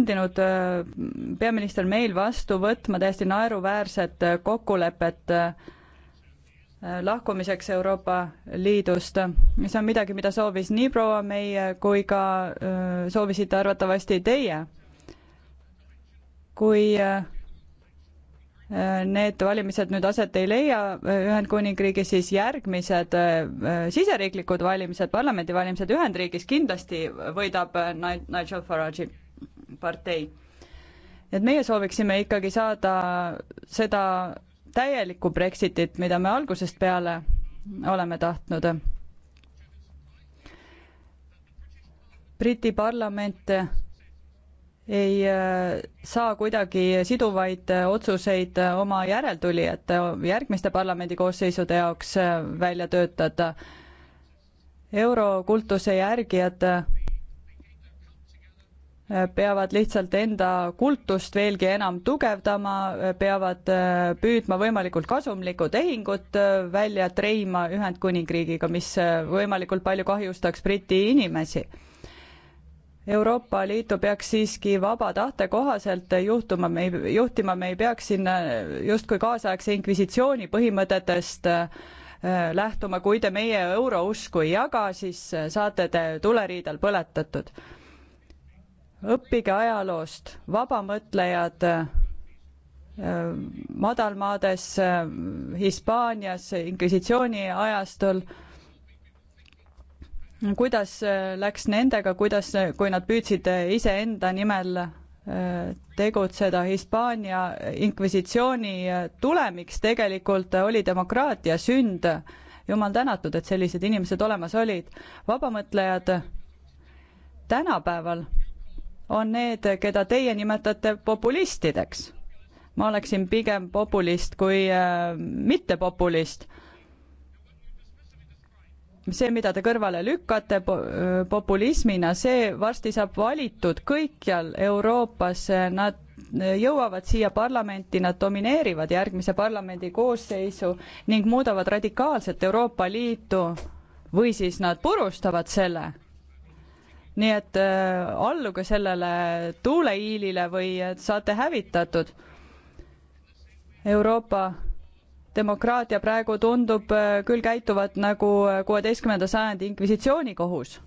sundinud äh, peaminister meil vastu võtma täiesti naeruväärset äh, kokkulepet äh, lahkumiseks Euroopa Liidust. see on midagi, mida soovis nii proua May kui ka soovisite arvatavasti teie. kui need valimised nüüd aset ei leia Ühendkuningriigis, siis järgmised siseriiklikud valimised, parlamendivalimised Ühendriigis kindlasti võidab Nigel Farage'i partei. et meie sooviksime ikkagi saada seda täielikku Brexitit, mida me algusest peale oleme tahtnud. Briti parlament ei äh, saa kuidagi siduvaid äh, otsuseid äh, oma järeltulijate, järgmiste parlamendikoosseisude jaoks välja töötada. eurokultuse järgijad peavad lihtsalt enda kultust veelgi enam tugevdama, peavad äh, püüdma võimalikult kasumlikku tehingut äh, välja treima Ühendkuningriigiga, mis äh, võimalikult palju kahjustaks Briti inimesi. Euroopa Liitu peaks siiski vaba tahte kohaselt juhtuma, me ei, juhtima, me ei peaks siin justkui kaasaegse inkvisitsiooni põhimõtetest lähtuma, kui te meie eurousku ei jaga, siis saate te tuleriidal põletatud õppige ajaloost, vabamõtlejad äh, madalmaades, äh, Hispaanias, inkvisitsiooni ajastul, kuidas äh, läks nendega, kuidas, kui nad püüdsid iseenda nimel tegutseda Hispaania inkvisitsiooni tulemiks tegelikult oli demokraatia sünd. jumal tänatud, et sellised inimesed olemas olid. vabamõtlejad tänapäeval on need, keda teie nimetate populistideks. ma oleksin pigem populist kui äh, mittepopulist. see, mida te kõrvale lükkate äh, populismina, see varsti saab valitud kõikjal Euroopas, nad äh, jõuavad siia parlamenti, nad domineerivad järgmise parlamendi koosseisu ning muudavad radikaalselt Euroopa Liitu või siis nad purustavad selle nii et äh, alluge sellele tuuleiilile või äh, saate hävitatud. Euroopa demokraatia praegu tundub äh, küll käituvat nagu kuueteistkümnenda sajandi inkvisitsioonikohus.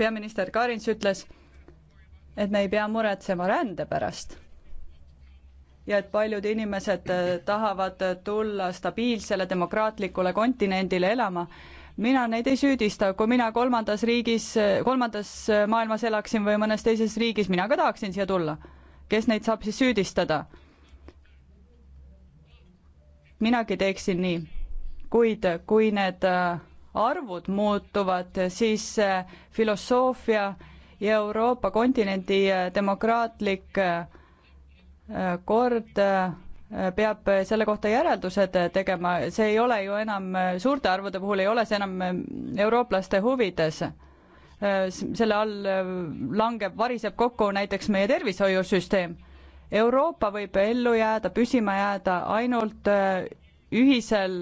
peaminister Karins ütles, et me ei pea muretsema rände pärast ja et paljud inimesed tahavad tulla stabiilsele demokraatlikule kontinendile elama mina neid ei süüdista, kui mina kolmandas riigis, kolmandas maailmas elaksin või mõnes teises riigis, mina ka tahaksin siia tulla. kes neid saab siis süüdistada? minagi teeksin nii, kuid kui need äh, arvud muutuvad, siis äh, filosoofia ja Euroopa kontinendi äh, demokraatlik kord peab selle kohta järeldused tegema, see ei ole ju enam, suurte arvude puhul ei ole see enam eurooplaste huvides. selle all langeb, variseb kokku näiteks meie tervishoiusüsteem. Euroopa võib ellu jääda, püsima jääda ainult ühisel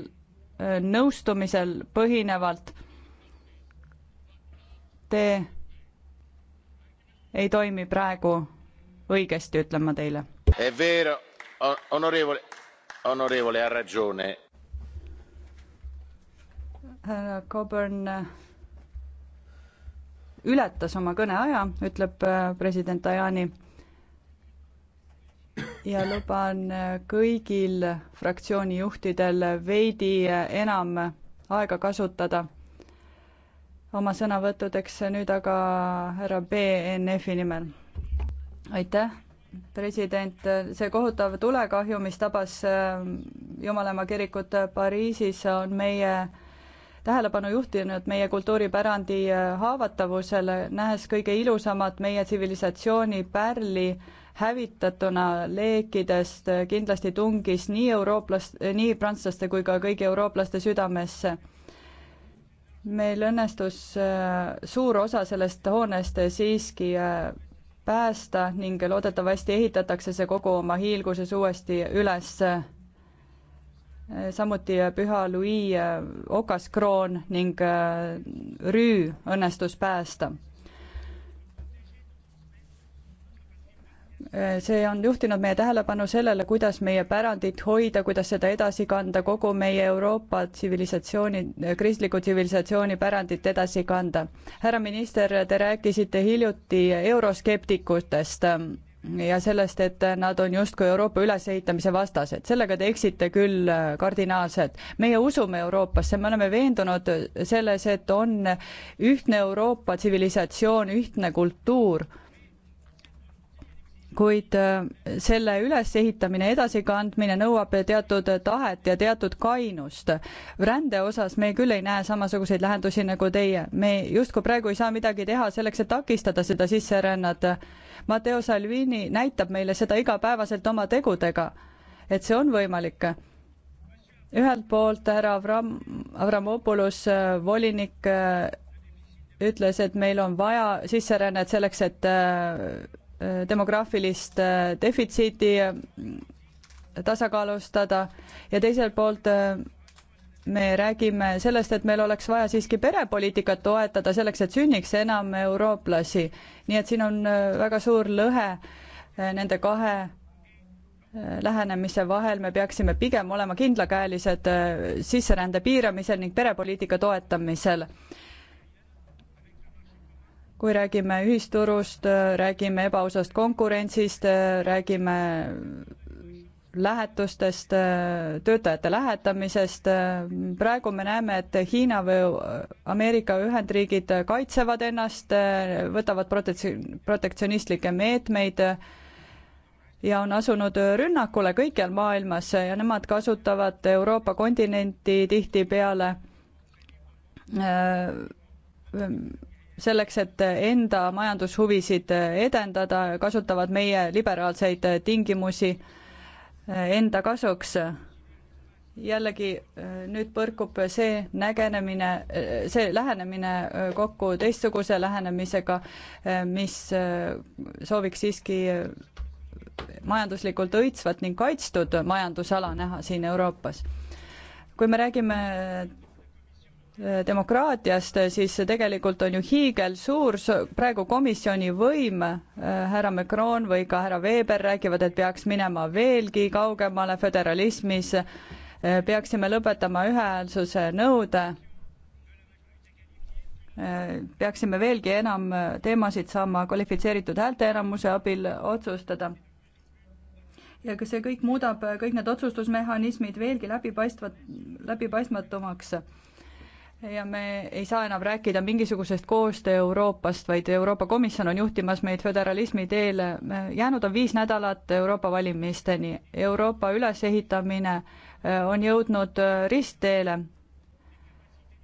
nõustumisel põhinevalt. Te ei toimi praegu õigesti, ütlen ma teile onorevole, onorevole ha ragione. härra Coburn äh, ületas oma kõneaja, ütleb äh, president Tajani. ja luban äh, kõigil fraktsiooni juhtidel veidi enam aega kasutada oma sõnavõttudeks, nüüd aga härra BNF-i nimel. aitäh president, see kohutav tulekahju, mis tabas äh, Jumalaema kirikut Pariisis, on meie tähelepanu juhtinud meie kultuuripärandi äh, haavatavusele, nähes kõige ilusamat meie tsivilisatsiooni pärli hävitatuna leekidest, äh, kindlasti tungis nii eurooplast-, nii prantslaste kui ka kõigi eurooplaste südamesse meil õnnestus suur osa sellest hoonest siiski päästa ning loodetavasti ehitatakse see kogu oma hiilguses uuesti üles. samuti Püha Louis okaskroon ning rüü õnnestus päästa Äh, see on juhtinud meie tähelepanu sellele, kuidas meie pärandit hoida, kuidas seda edasi kanda, kogu meie Euroopa tsivilisatsiooni, kristliku tsivilisatsiooni pärandit edasi kanda. härra minister, te rääkisite hiljuti euroskeptikutest ja sellest, et nad on justkui Euroopa ülesehitamise vastased, sellega te eksite küll äh, kardinaalselt. meie usume Euroopasse, me oleme veendunud selles, et on ühtne Euroopa tsivilisatsioon, ühtne kultuur kuid äh, selle ülesehitamine, edasikandmine nõuab teatud tahet ja teatud kainust. rände osas me küll ei näe samasuguseid lahendusi nagu teie, me justkui praegu ei saa midagi teha selleks, et takistada seda sisserännat. Matteo Salvini näitab meile seda igapäevaselt oma tegudega, et see on võimalik ühelt poolt härra Avram, Avramopoulos, äh, volinik, äh, ütles, et meil on vaja sisserännet selleks, et demograafilist äh, defitsiiti äh, tasakaalustada ja teiselt poolt äh, me räägime sellest, et meil oleks vaja siiski perepoliitikat toetada selleks, et sünniks enam eurooplasi. nii et siin on väga suur lõhe nende kahe lähenemise vahel, me peaksime pigem olema kindlakäelised sisserände piiramisel ning perepoliitika toetamisel kui räägime ühisturust, räägime ebaausast konkurentsist, räägime lähetustest, töötajate lähetamisest, praegu me näeme, et Hiina või Ameerika Ühendriigid kaitsevad ennast, võtavad protektsi-, protektsionistlikke meetmeid ja on asunud rünnakule kõikjal maailmas ja nemad kasutavad Euroopa kontinenti tihtipeale äh, selleks, et enda majandushuvisid edendada, kasutavad meie liberaalseid tingimusi enda kasuks. jällegi nüüd põrkub see nägenemine, see lähenemine kokku teistsuguse lähenemisega, mis sooviks siiski majanduslikult õitsvat ning kaitstud majandusala näha siin Euroopas. kui me räägime demokraatiast, siis tegelikult on ju hiigelsuur praegu komisjoni võim, äh, härra Macron või ka härra Weber räägivad, et peaks minema veelgi kaugemale föderalismis, äh, peaksime lõpetama ühehäälsuse nõude, äh, peaksime veelgi enam teemasid saama kvalifitseeritud häälteenamuse abil otsustada. ja ka see kõik muudab kõik need otsustusmehhanismid veelgi läbipaistvat, läbipaistmatumaks ja me ei saa enam rääkida mingisugusest koostöö Euroopast, vaid Euroopa Komisjon on juhtimas meid föderalismi teele. jäänud on viis nädalat Euroopa valimisteni. Euroopa ülesehitamine äh, on jõudnud äh, ristteele.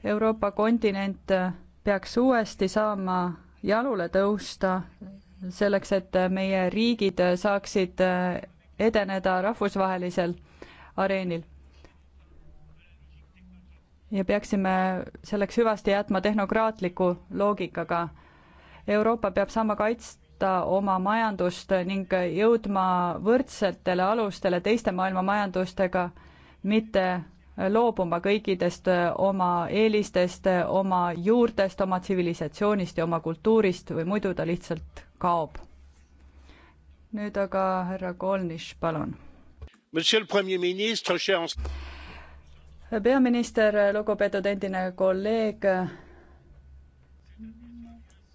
Euroopa kontinent äh, peaks uuesti saama jalule tõusta selleks, et meie riigid saaksid edeneda rahvusvahelisel areenil ja peaksime selleks hüvasti jätma tehnokraatliku loogikaga. Euroopa peab saama kaitsta oma majandust ning jõudma võrdsetele alustele teiste maailma majandustega, mitte loobuma kõikidest oma eelistest, oma juurtest, oma tsivilisatsioonist ja oma kultuurist või muidu ta lihtsalt kaob. nüüd aga härra Kolniš, palun. Monsieur le Premier ministre, cher peaminister, lugupeetud endine kolleeg,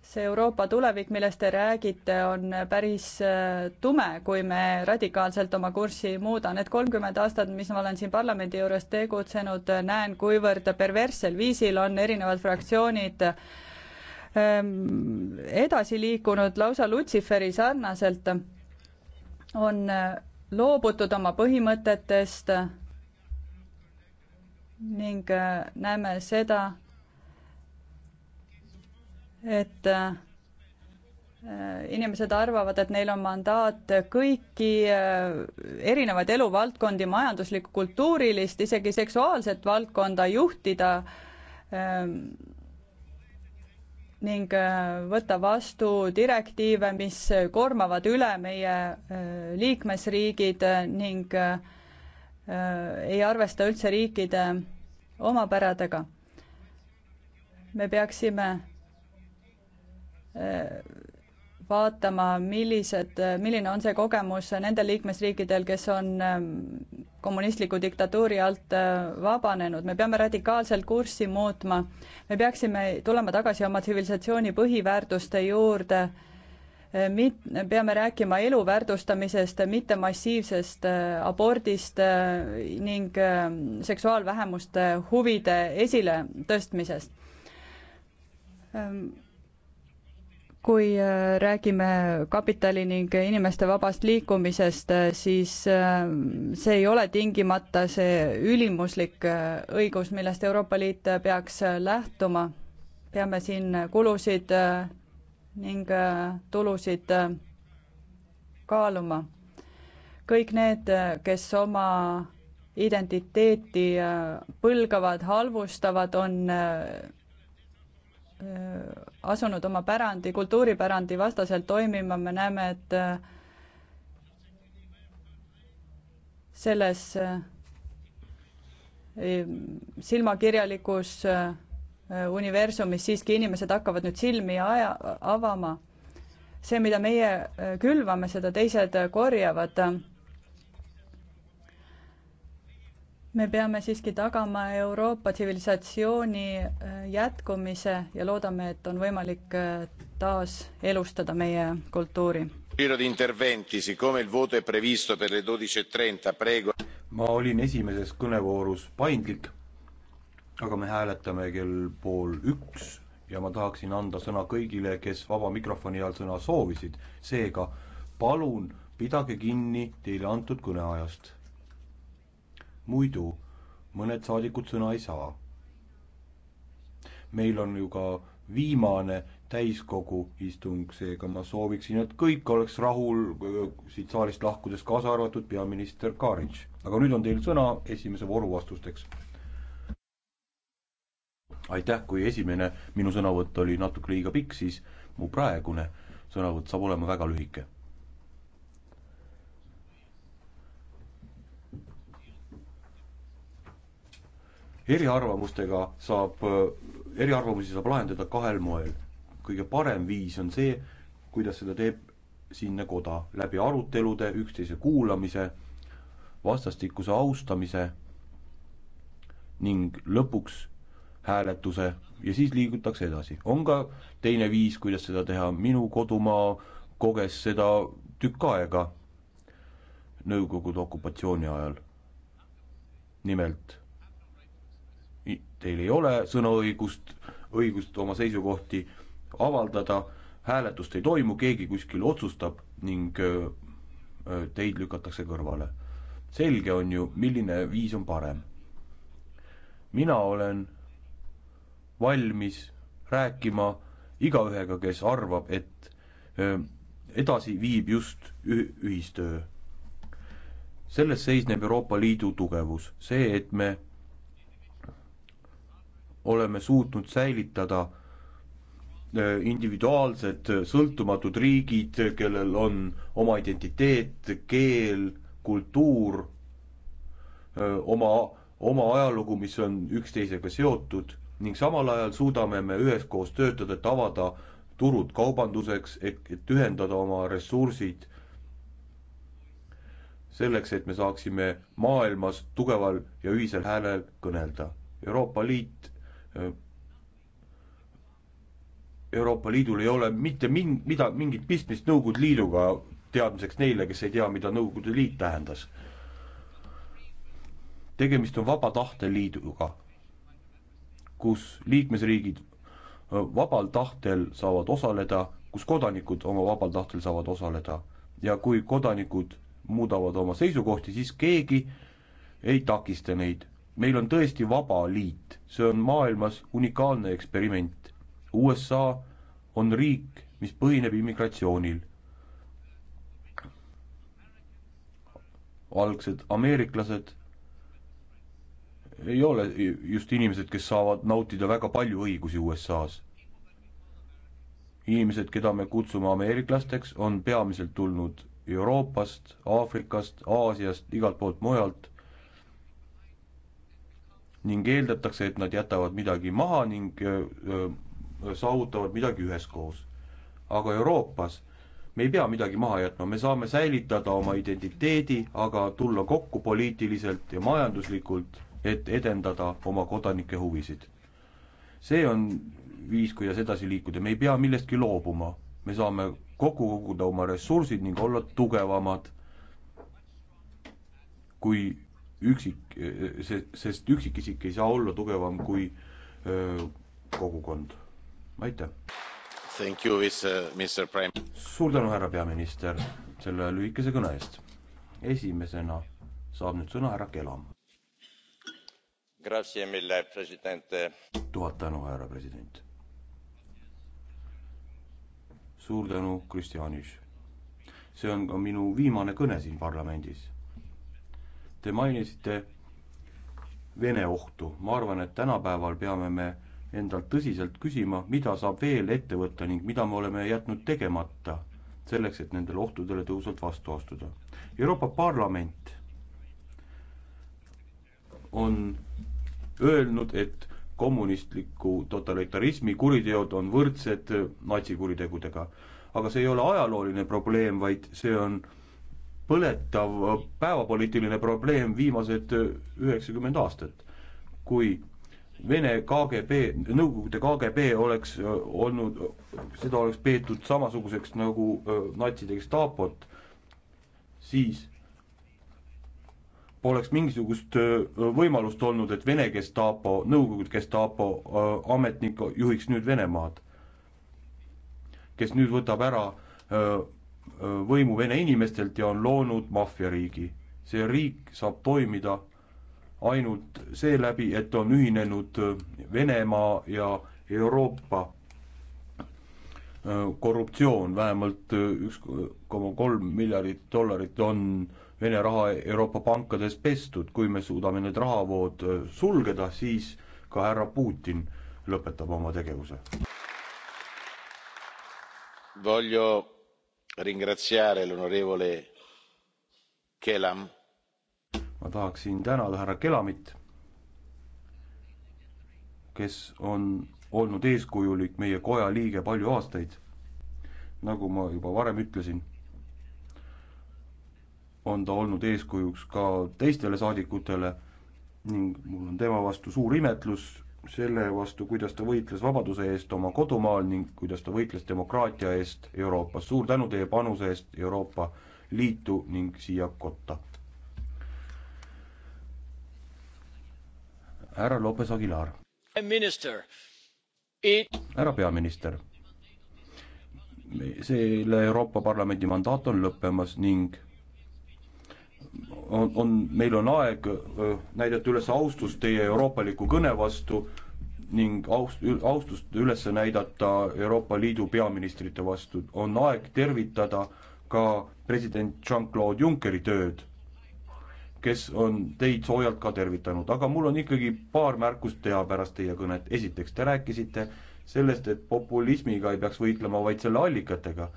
see Euroopa tulevik, millest te räägite, on päris äh, tume, kui me radikaalselt oma kurssi ei muuda. Need kolmkümmend aastat, mis ma olen siin parlamendi juures tegutsenud, näen, kuivõrd perverssel viisil on erinevad fraktsioonid ähm, edasi liikunud lausa Lutsiferi sarnaselt. on äh, loobutud oma põhimõtetest ning äh, näeme seda, et äh, inimesed arvavad, et neil on mandaat kõiki äh, erinevaid eluvaldkondi, majanduslikku, kultuurilist, isegi seksuaalset valdkonda juhtida ähm, ning võtta vastu direktiive, mis koormavad üle meie liikmesriigid ning äh, Äh, ei arvesta üldse riikide omapäradega. me peaksime äh, vaatama, millised, milline on see kogemus nendel liikmesriikidel, kes on ähm, kommunistliku diktatuuri alt äh, vabanenud, me peame radikaalselt kurssi muutma, me peaksime tulema tagasi oma tsivilisatsiooni põhiväärtuste juurde Äh, mit-, peame rääkima elu väärtustamisest, mitte massiivsest äh, abordist äh, ning seksuaalvähemuste huvide esiletõstmisest. Ähm, kui räägime kapitali ning inimeste vabast liikumisest, siis see ei ole tingimata see ülimuslik õigus, millest Euroopa Liit peaks lähtuma. peame siin kulusid ning äh, tulusid äh, kaaluma. kõik need, äh, kes oma identiteeti põlgavad, halvustavad, on asunud oma pärandi, kultuuripärandi vastaselt toimima, me näeme, et selles silmakirjalikus universumis siiski inimesed hakkavad nüüd silmi aja, avama. see, mida meie äh, külvame, seda teised äh, korjavad. me peame siiski tagama Euroopa tsivilisatsiooni äh, jätkumise ja loodame, et on võimalik taas elustada meie kultuuri. E ma olin esimeses kõnevoorus paindlik aga me hääletame kell pool üks ja ma tahaksin anda sõna kõigile, kes vaba mikrofoni all sõna soovisid. seega palun pidage kinni teile antud kõneajast. muidu mõned saadikud sõna ei saa. meil on ju ka viimane täiskogu istung, seega ma sooviksin, et kõik oleks rahul siit saalist lahkudes, kaasa arvatud peaminister Karinš. aga nüüd on teil sõna esimese vooru vastusteks aitäh, kui esimene minu sõnavõtt oli natuke liiga pikk, siis mu praegune sõnavõtt saab olema väga lühike. eriarvamustega saab, eriarvamusi saab lahendada kahel moel. kõige parem viis on see, kuidas seda teeb siinne koda, läbi arutelude, üksteise kuulamise, vastastikuse austamise ning lõpuks hääletuse ja siis liigutakse edasi. on ka teine viis, kuidas seda teha, minu kodumaa koges seda tükk aega Nõukogude okupatsiooni ajal. nimelt, teil ei ole sõnaõigust, õigust oma seisukohti avaldada, hääletust ei toimu, keegi kuskil otsustab ning teid lükatakse kõrvale. selge on ju, milline viis on parem. mina olen valmis rääkima igaühega, kes arvab, et edasi viib just ühistöö. selles seisneb Euroopa Liidu tugevus, see, et me oleme suutnud säilitada individuaalsed sõltumatud riigid, kellel on oma identiteet, keel, kultuur, oma, oma ajalugu, mis on üksteisega seotud ning samal ajal suudame me üheskoos töötada, et avada turud kaubanduseks, et, et ühendada oma ressursid selleks, et me saaksime maailmas tugeval ja ühisel häälel kõnelda. Euroopa Liit, äh, Euroopa Liidul ei ole mitte min-, mida, mingit pistmist Nõukogude Liiduga, teadmiseks neile, kes ei tea, mida Nõukogude Liit tähendas. tegemist on vaba tahte liiduga kus liikmesriigid vabal tahtel saavad osaleda, kus kodanikud oma vabal tahtel saavad osaleda ja kui kodanikud muudavad oma seisukohti, siis keegi ei takista neid. meil on tõesti vaba liit, see on maailmas unikaalne eksperiment. USA on riik, mis põhineb immigratsioonil. algsed ameeriklased ei ole just inimesed, kes saavad nautida väga palju õigusi USA-s. inimesed, keda me kutsume ameeriklasteks, on peamiselt tulnud Euroopast, Aafrikast, Aasiast, igalt poolt mujalt ning eeldatakse, et nad jätavad midagi maha ning öö, saavutavad midagi üheskoos. aga Euroopas me ei pea midagi maha jätma, me saame säilitada oma identiteedi, aga tulla kokku poliitiliselt ja majanduslikult et edendada oma kodanike huvisid. see on viis, kuidas edasi liikuda, me ei pea millestki loobuma, me saame kokku koguda oma ressursid ning olla tugevamad kui üksik, sest üksikisik ei saa olla tugevam kui öö, kogukond. aitäh! Thank you, Mr uh, Prime. suur tänu, härra peaminister, selle lühikese kõne eest. esimesena saab nüüd sõna härra Kelam tuhat tänu, härra president. suur tänu, Kristjanis. see on ka minu viimane kõne siin parlamendis. Te mainisite Vene ohtu, ma arvan, et tänapäeval peame me endalt tõsiselt küsima, mida saab veel ette võtta ning mida me oleme jätnud tegemata, selleks et nendele ohtudele tõhusalt vastu astuda. Euroopa Parlament on öelnud, et kommunistliku totalitarismi kuriteod on võrdsed natsikuritegudega. aga see ei ole ajalooline probleem, vaid see on põletav päevapoliitiline probleem viimased üheksakümmend aastat. kui Vene KGB, Nõukogude KGB oleks äh, olnud, seda oleks peetud samasuguseks nagu äh, natside Gestapot, siis poleks mingisugust võimalust olnud, et Vene Gestapo, Nõukogude Gestapo ametnik juhiks nüüd Venemaad, kes nüüd võtab ära võimu vene inimestelt ja on loonud maffiariigi. see riik saab toimida ainult seeläbi, et on ühinenud Venemaa ja Euroopa korruptsioon, vähemalt üks koma kolm miljardit dollarit on Vene raha Euroopa pankades pestud, kui me suudame need rahavood äh, sulgeda, siis ka härra Putin lõpetab oma tegevuse. Voglio ringraziare l'onorevole Kelam. ma tahaksin tänada härra Kelamit, kes on olnud eeskujulik meie koja liige palju aastaid. nagu ma juba varem ütlesin on ta olnud eeskujuks ka teistele saadikutele ning mul on tema vastu suur imetlus selle vastu, kuidas ta võitles vabaduse eest oma kodumaal ning kuidas ta võitles demokraatia eest Euroopas. suur tänu teie panuse eest Euroopa Liitu ning siia kotta. härra Lopez Aguilar. härra peaminister, selle Euroopa Parlamendi mandaat on lõppemas ning on, on, meil on aeg näidata üles austust teie euroopaliku kõne vastu ning aust-, austust üles näidata Euroopa Liidu peaministrite vastu. on aeg tervitada ka president Jean-Claude Junckeri tööd, kes on teid soojalt ka tervitanud, aga mul on ikkagi paar märkust teha pärast teie kõnet. esiteks, te rääkisite sellest, et populismiga ei peaks võitlema, vaid selle allikatega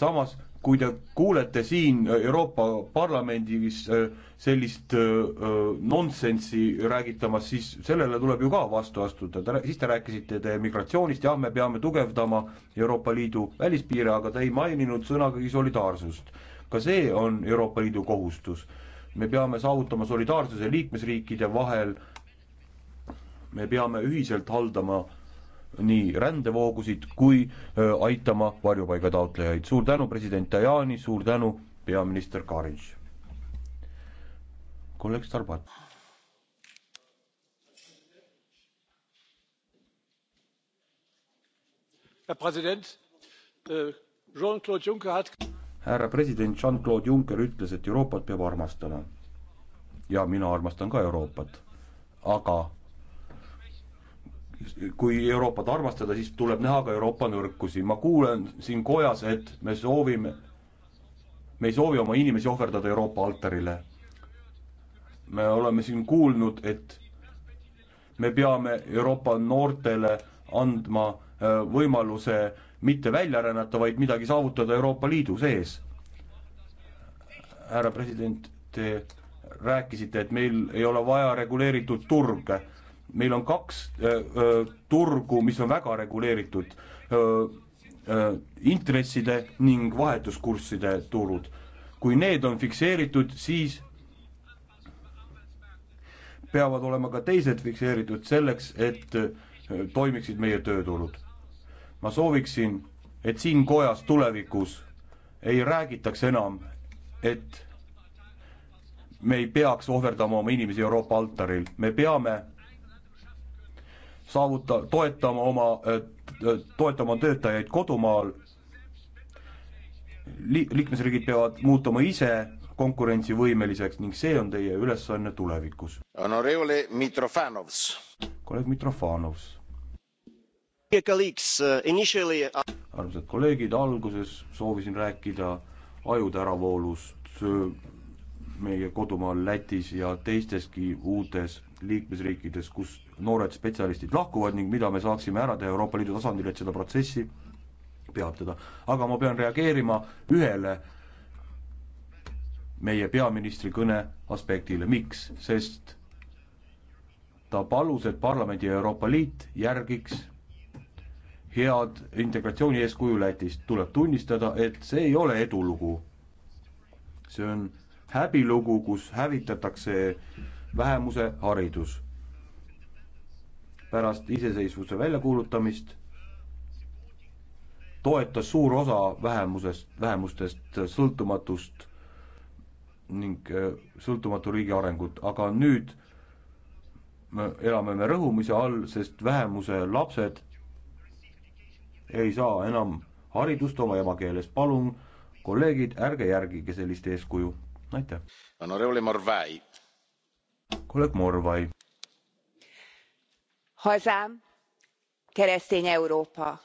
samas, kui te kuulete siin Euroopa Parlamendis äh, sellist äh, äh, nonsensi räägitamas, siis sellele tuleb ju ka vastu astuda, te, siis te rääkisite te migratsioonist, jah, me peame tugevdama Euroopa Liidu välispiire, aga te ei maininud sõnagagi solidaarsust. ka see on Euroopa Liidu kohustus. me peame saavutama solidaarsuse liikmesriikide vahel, me peame ühiselt haldama äh, nii rändevoogusid kui aitama varjupaiga taotlejaid. suur tänu, president Tajani, suur tänu, peaminister Karinš. kolleeg Starbat. härra president äh, Jean-Claude Juncker hat härra president Jean-Claude Juncker ütles, et Euroopat peab armastama. ja mina armastan ka Euroopat, aga kui Euroopat armastada, siis tuleb näha ka Euroopa nõrkusi. ma kuulen siin kojas, et me soovime, me ei soovi oma inimesi ohverdada Euroopa altarile. me oleme siin kuulnud, et me peame Euroopa noortele andma äh, võimaluse mitte välja rännata, vaid midagi saavutada Euroopa Liidu sees. härra president, te rääkisite, et meil ei ole vaja reguleeritud turge meil on kaks öö, äh, äh, turgu, mis on väga reguleeritud, äh, intresside ning vahetuskursside turud. kui need on fikseeritud, siis peavad olema ka teised fikseeritud selleks, et öö, toimiksid meie tööturud. ma sooviksin, et siin kojas tulevikus ei räägitaks enam, et me ei peaks ohverdama oma inimesi Euroopa altaril, me peame saavuta, toetama oma, eh, toetama töötajaid kodumaal. Li-, liikmesriigid peavad muutuma ise konkurentsivõimeliseks ning see on teie ülesanne tulevikus. Honorevole Mitrofanovs. kolleeg Mitrofanovs. Uh, uh, armsad kolleegid, alguses soovisin rääkida ajude äravoolust uh, meie kodumaal Lätis ja teisteski uutes liikmesriikides, kus noored spetsialistid lahkuvad ning mida me saaksime ära teha Euroopa Liidu tasandil, et seda protsessi peatada. aga ma pean reageerima ühele meie peaministri kõne aspektile, miks, sest ta palus, et parlamendi ja Euroopa Liit järgiks head integratsiooni eeskuju Lätist, tuleb tunnistada, et see ei ole edulugu. see on häbilugu, kus hävitatakse vähemuse haridus pärast iseseisvuse väljakuulutamist toetas suur osa vähemusest, vähemustest sõltumatust ning äh, sõltumatu riigi arengut, aga nüüd me elame me rõhumise all, sest vähemuse lapsed ei saa enam haridust oma emakeeles, palun kolleegid, ärge järgige sellist eeskuju, aitäh. kolleeg Morvai hazám keresztény euroopa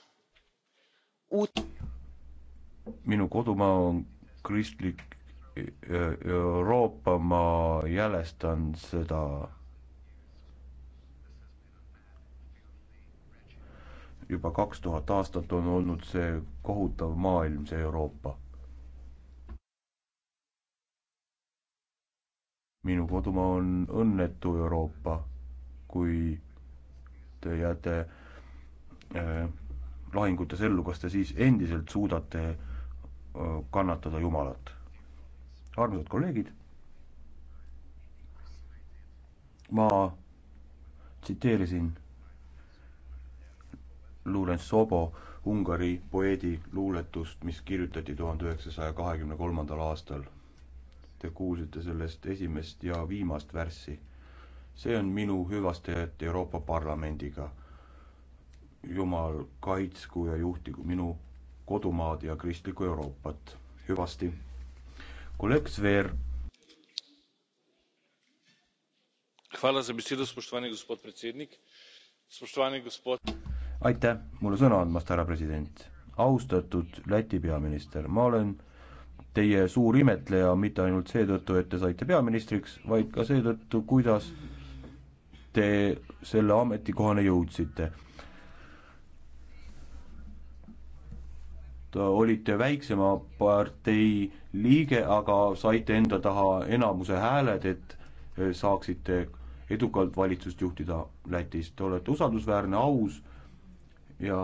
minu kodumaa on kristlik e, e, Euroopa, ma jälestan seda juba kaks tuhat aastat on olnud see kohutav maailm, see Euroopa. minu kodumaa on õnnetu Euroopa, kui te jääte äh, lahingutes ellu, kas te siis endiselt suudate äh, kannatada Jumalat? armsad kolleegid, ma tsiteerisin Lulen Sobo Ungari poeedi luuletust, mis kirjutati tuhande üheksasaja kahekümne kolmandal aastal. Te kuulsite sellest esimest ja viimast värssi see on minu hüvastajat Euroopa Parlamendiga. jumal kaitsku ja juhtigu minu kodumaad ja kristlikku Euroopat hüvasti. kolleeg Zver. aitäh mulle sõna andmast, härra president. austatud Läti peaminister, ma olen teie suur imetleja mitte ainult seetõttu, et te saite peaministriks, vaid ka seetõttu, kuidas te selle ametikohani jõudsite? olite väiksema partei liige, aga saite enda taha enamuse hääled, et eh, saaksite edukalt valitsust juhtida Lätis. Te olete usaldusväärne, aus ja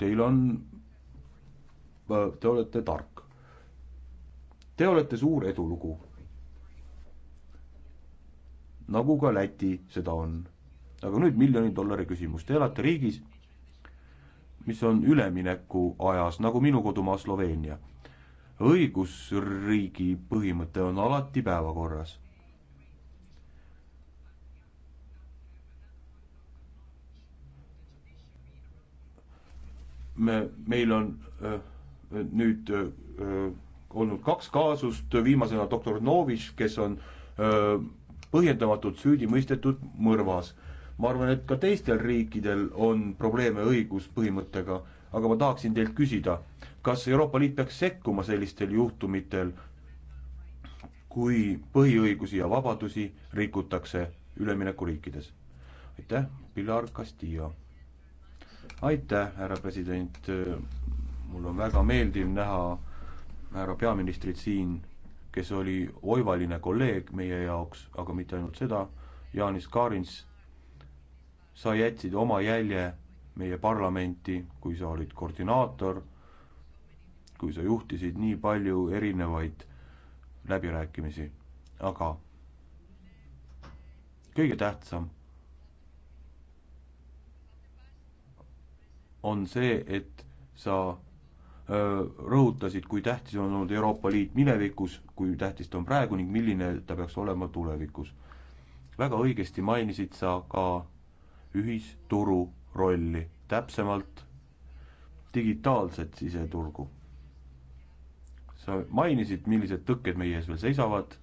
teil on, eh, te olete tark. Te olete suur edulugu nagu ka Läti seda on. aga nüüd miljoni dollari küsimus, te elate riigis, mis on ülemineku ajas, nagu minu kodumaa Sloveenia. õigusriigi põhimõte on alati päevakorras. me, meil on öö, nüüd öö, olnud kaks kaasust, viimasena doktor Noviš, kes on öö, põhjendamatult süüdi mõistetud mõrvas. ma arvan, et ka teistel riikidel on probleeme õiguspõhimõttega, aga ma tahaksin teilt küsida, kas Euroopa Liit peaks sekkuma sellistel juhtumitel, kui põhiõigusi ja vabadusi rikutakse üleminekuriikides? aitäh, Pilar Castillo. aitäh, härra president. mul on väga meeldiv näha härra peaministrit siin kes oli oivaline kolleeg meie jaoks, aga mitte ainult seda, Jaanis Kaarins, sa jätsid oma jälje meie parlamenti, kui sa olid koordinaator, kui sa juhtisid nii palju erinevaid läbirääkimisi, aga kõige tähtsam on see, et sa rõhutasid, kui tähtis on olnud Euroopa Liit minevikus, kui tähtis ta on praegu ning milline ta peaks olema tulevikus. väga õigesti mainisid sa ka ühisturu rolli, täpsemalt digitaalset siseturgu. sa mainisid, millised tõkked meie ees veel seisavad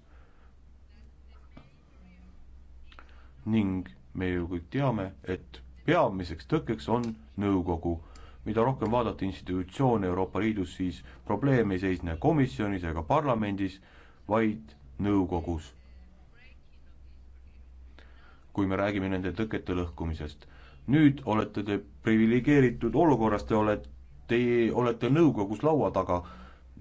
ning me ju kõik teame, et peamiseks tõkkeks on nõukogu mida rohkem vaadata institutsioone Euroopa Liidus, siis probleem ei seisne komisjonis ega parlamendis, vaid nõukogus. kui me räägime nende tõkete lõhkumisest. nüüd olete te priviligeeritud olukorras, te olete, teie olete nõukogus laua taga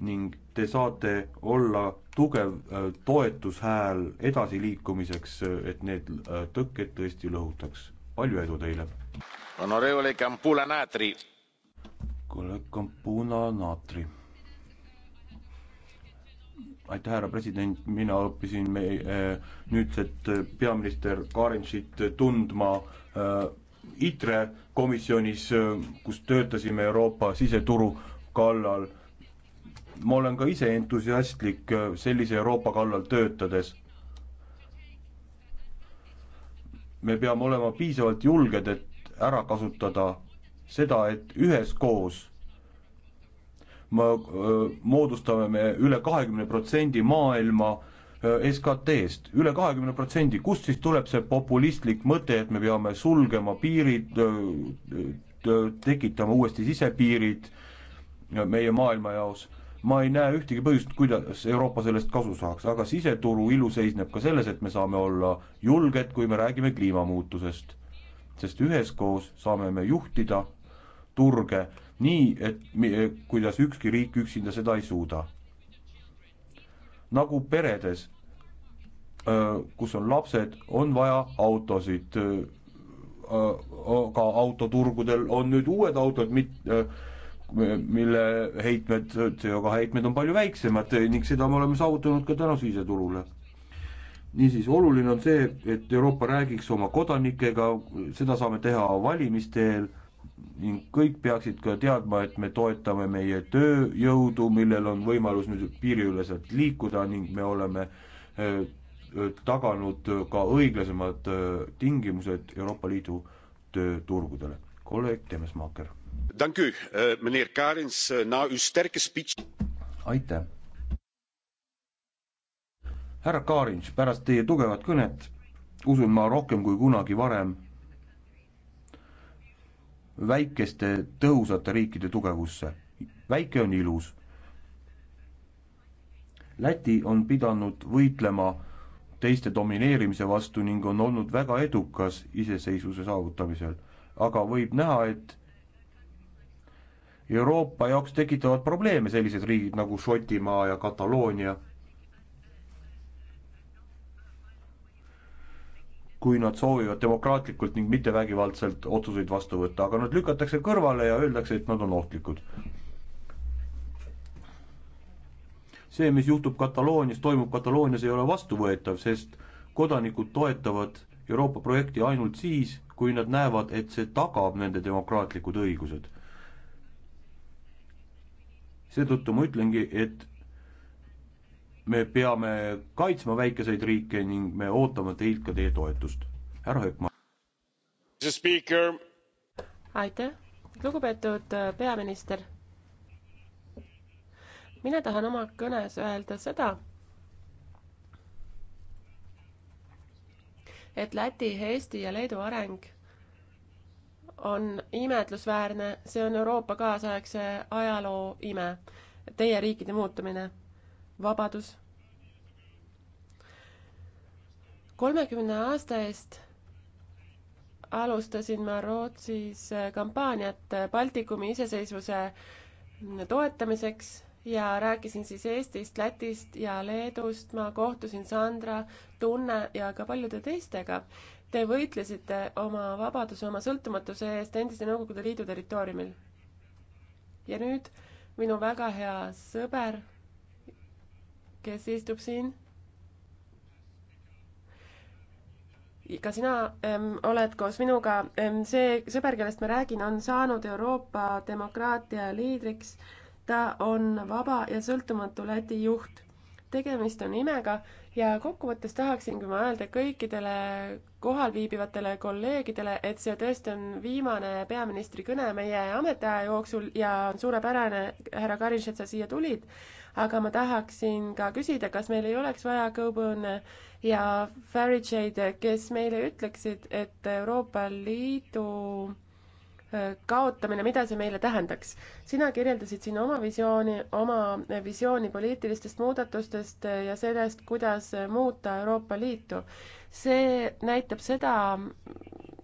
ning te saate olla tugev äh, toetushääl edasiliikumiseks, äh, et need äh, tõkked tõesti lõhutaks. palju edu teile! Onorevole Campula Natri kolleeg Kampuna Naatri. aitäh, härra president, mina õppisin meie eh, nüüdset eh, peaminister Karensit tundma eh, ITRE komisjonis, kus töötasime Euroopa siseturu kallal. ma olen ka ise entusiastlik sellise Euroopa kallal töötades me peame olema piisavalt julged, et ära kasutada seda, et üheskoos ma, moodustame me üle kahekümne protsendi maailma SKT-st, üle kahekümne protsendi, kust siis tuleb see populistlik mõte, et me peame sulgema piirid, tekitama uuesti sisepiirid meie maailma jaos, ma ei näe ühtegi põhjust, kuidas Euroopa sellest kasu saaks, aga siseturu ilu seisneb ka selles, et me saame olla julged, kui me räägime kliimamuutusest. sest üheskoos saame me juhtida turge nii, et eh, kuidas ükski riik üksinda seda ei suuda. nagu peredes, äh, kus on lapsed, on vaja autosid, ka äh, äh, autoturgudel on nüüd uued autod, mitte mille heitmed, CO2 heitmed on palju väiksemad eh, ning seda me oleme saavutanud ka tänu siseturule. niisiis, oluline on see, et Euroopa räägiks oma kodanikega, seda saame teha valimiste eel ning kõik peaksid ka teadma, et me toetame meie tööjõudu, millel on võimalus nüüd piiriüleselt liikuda ning me oleme taganud ka õiglasemad tingimused Euroopa Liidu tööturgudele. kolleeg Temesmaaker. Eh, eh, aitäh. härra Karins, pärast teie tugevat kõnet usun ma rohkem kui kunagi varem väikeste tõhusate riikide tugevusse. väike on ilus. Läti on pidanud võitlema teiste domineerimise vastu ning on olnud väga edukas iseseisvuse saavutamisel. aga võib näha, et Euroopa jaoks tekitavad probleeme sellised riigid nagu Šotimaa ja Kataloonia kui nad soovivad demokraatlikult ning mittevägivaldselt otsuseid vastu võtta, aga nad lükatakse kõrvale ja öeldakse, et nad on ohtlikud. see, mis juhtub Kataloonias, toimub Kataloonias, ei ole vastuvõetav, sest kodanikud toetavad Euroopa projekti ainult siis, kui nad näevad, et see tagab nende demokraatlikud õigused. seetõttu ma ütlengi, et me peame kaitsma väikeseid riike ning me ootame teilt ka teie toetust. härra Hökma. aitäh, lugupeetud äh, peaminister. mina tahan oma kõnes öelda seda, et Läti, Eesti ja Leedu areng on imetlusväärne, see on Euroopa kaasaegse ajaloo ime, teie riikide muutumine vabadus. kolmekümne aasta eest alustasin ma Rootsis kampaaniat Baltikumi iseseisvuse toetamiseks ja rääkisin siis Eestist, Lätist ja Leedust, ma kohtusin Sandra, Tunne ja ka paljude teistega. Te võitlesite oma vabaduse, oma sõltumatuse eest endise Nõukogude Liidu territooriumil. ja nüüd minu väga hea sõber kes istub siin. ka sina ähm, oled koos minuga ähm,. see sõber, kellest ma räägin, on saanud Euroopa demokraatia liidriks. ta on vaba ja sõltumatu Läti juht. tegemist on imega ja kokkuvõttes tahaksingi ma öelda kõikidele kohalviibivatele kolleegidele, et see tõesti on viimane peaministri kõne meie ametiaja jooksul ja on suurepärane, härra Karinšet, sa siia tulid aga ma tahaksin ka küsida, kas meil ei oleks vaja Cobone ja Farage'id, kes meile ütleksid, et Euroopa Liidu äh, kaotamine, mida see meile tähendaks. sina kirjeldasid siin oma visiooni, oma visiooni poliitilistest muudatustest ja sellest, kuidas muuta Euroopa Liitu. see näitab seda,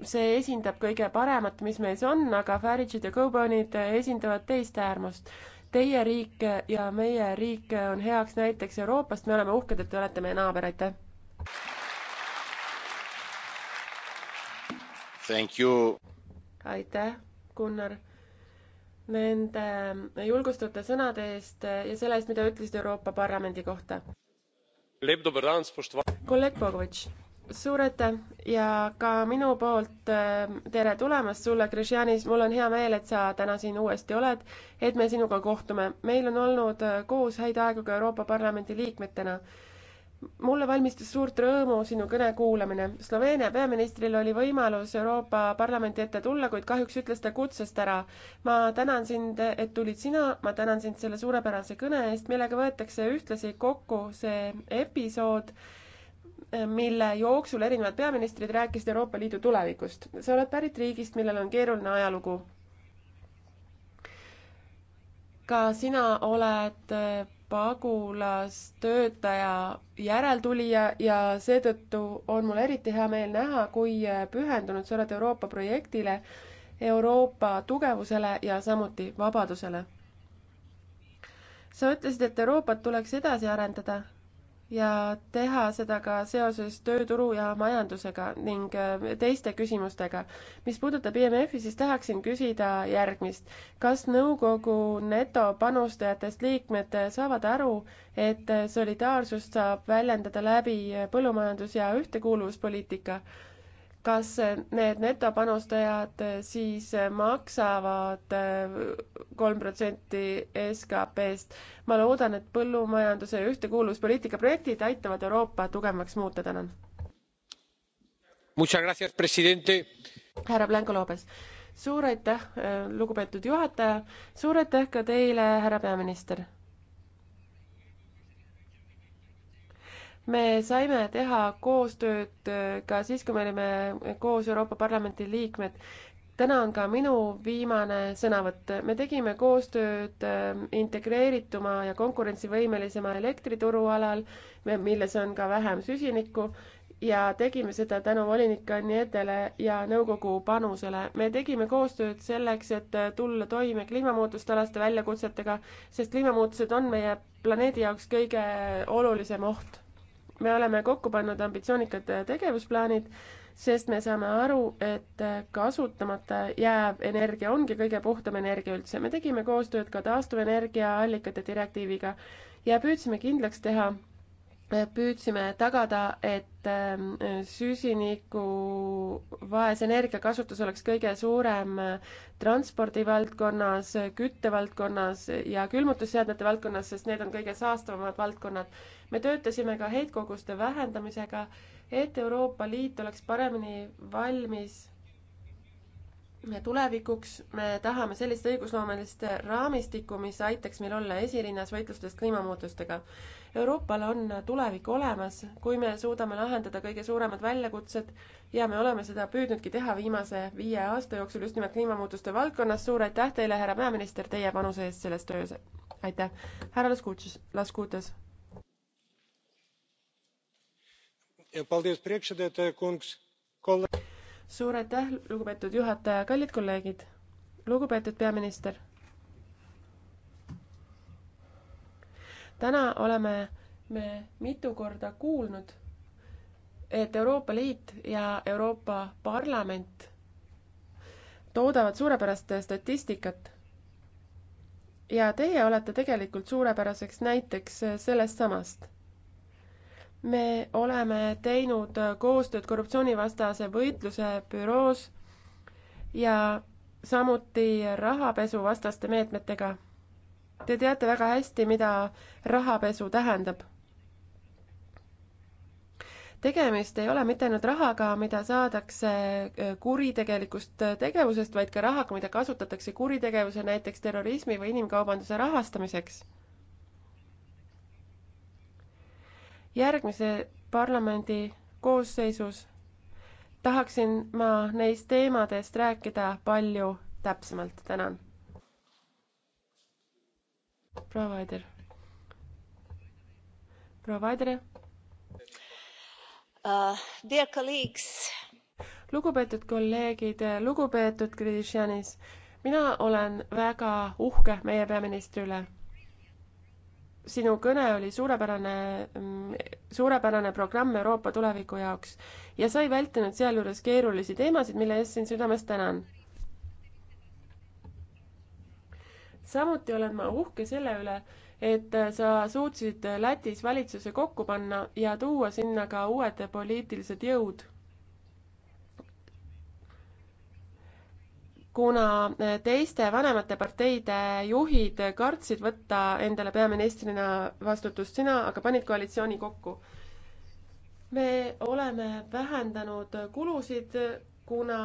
see esindab kõige paremat, mis meis on, aga Farage'id ja Cobonid esindavad teist äärmust. Teie riik ja meie riik on heaks näiteks Euroopast, me oleme uhked, et te olete meie naaber, aitäh! aitäh, Gunnar, nende julgustavate sõnade eest ja selle eest, mida ütlesid Euroopa Parlamendi kohta. kolleeg Bogovič suur aitäh ja ka minu poolt äh, tere tulemast sulle, Kristjanis, mul on hea meel, et sa täna siin uuesti oled, et me sinuga kohtume. meil on olnud äh, koos häid aegu ka Euroopa Parlamendi liikmetena. mulle valmistas suurt rõõmu sinu kõne kuulamine. Sloveenia peaministril oli võimalus Euroopa Parlamenti ette tulla, kuid kahjuks ütles ta kutsest ära. ma tänan sind, et tulid sina, ma tänan sind selle suurepärase kõne eest, millega võetakse ühtlasi kokku see episood mille jooksul erinevad peaministrid rääkisid Euroopa Liidu tulevikust. sa oled pärit riigist, millel on keeruline ajalugu. ka sina oled äh, pagulastöötaja järeltulija ja seetõttu on mul eriti hea meel näha, kui äh, pühendunud sa oled Euroopa projektile, Euroopa tugevusele ja samuti vabadusele. sa ütlesid, et Euroopat tuleks edasi arendada ja teha seda ka seoses tööturu ja majandusega ning äh, teiste küsimustega. mis puudutab IMF-i, siis tahaksin küsida järgmist. kas nõukogu netopanustajatest liikmed saavad aru, et äh, solidaarsust saab väljendada läbi äh, põllumajandus- ja ühtekuuluvuspoliitika? kas need netopanustajad siis maksavad äh, kolm protsenti SKP-st. ma loodan, et põllumajanduse ja ühtekuuluvuspoliitika projektid aitavad Euroopa tugevamaks muuta, tänan. härra Blanco Lopez, suur aitäh, äh, lugupeetud juhataja, suur aitäh ka teile, härra peaminister me saime teha koostööd äh, ka siis, kui me olime koos Euroopa Parlamendi liikmed. täna on ka minu viimane sõnavõtt. me tegime koostööd äh, integreerituma ja konkurentsivõimelisema elektrituru alal, milles on ka vähem süsinikku ja tegime seda tänu volinik Annietele ja nõukogu panusele. me tegime koostööd selleks, et äh, tulla toime kliimamuutustalaste väljakutsetega, sest kliimamuutused on meie planeedi jaoks kõige olulisem oht me oleme kokku pannud ambitsioonikad äh, tegevusplaanid, sest me saame aru, et äh, kasutamata jääv energia ongi kõige puhtam energia üldse. me tegime koostööd ka taastuvenergiaallikate direktiiviga ja püüdsime kindlaks teha, püüdsime tagada, et ähm, süsinikuvaese energia kasutus oleks kõige suurem äh, transpordivaldkonnas, küttevaldkonnas ja külmutusseadmete valdkonnas, sest need on kõige saastavamad valdkonnad. me töötasime ka heitkoguste vähendamisega, et Euroopa Liit oleks paremini valmis tulevikuks me tahame sellist õigusloomelist raamistikku, mis aitaks meil olla esirinnas võitlustes kliimamuutustega. Euroopal on tulevik olemas, kui me suudame lahendada kõige suuremad väljakutsed ja me oleme seda püüdnudki teha viimase viie aasta jooksul just nimelt kliimamuutuste valdkonnas. suur aitäh teile, härra peaminister, teie panuse eest selles töös. aitäh, härra Laskutas, Laskutas. paldies, preksõdet, kungs, kolleeg suur aitäh, lugupeetud juhataja, kallid kolleegid, lugupeetud peaminister. täna oleme me mitu korda kuulnud, et Euroopa Liit ja Euroopa Parlament toodavad suurepärast statistikat. ja teie olete tegelikult suurepäraseks näiteks sellest samast me oleme teinud koostööd korruptsioonivastase võitluse büroos ja samuti rahapesuvastaste meetmetega. Te teate väga hästi, mida rahapesu tähendab. tegemist ei ole mitte ainult rahaga, mida saadakse äh, kuritegelikust äh, tegevusest, vaid ka rahaga, mida kasutatakse kuritegevuse, näiteks terrorismi või inimkaubanduse rahastamiseks järgmise parlamendi koosseisus tahaksin ma neist teemadest rääkida palju täpsemalt. tänan. proua Aider. proua Aider uh,. Dear colleagues. lugupeetud kolleegid, lugupeetud Kritšanis, mina olen väga uhke meie peaministri üle sinu kõne oli suurepärane, mm, suurepärane programm Euroopa tuleviku jaoks ja sa ei vältinud sealjuures keerulisi teemasid, mille eest sind südamest tänan. samuti olen ma uhke selle üle, et sa suutsid Lätis valitsuse kokku panna ja tuua sinna ka uued poliitilised jõud kuna eh, teiste vanemate parteide juhid kartsid võtta endale peaministrina vastutust, sina aga panid koalitsiooni kokku. me oleme vähendanud kulusid, kuna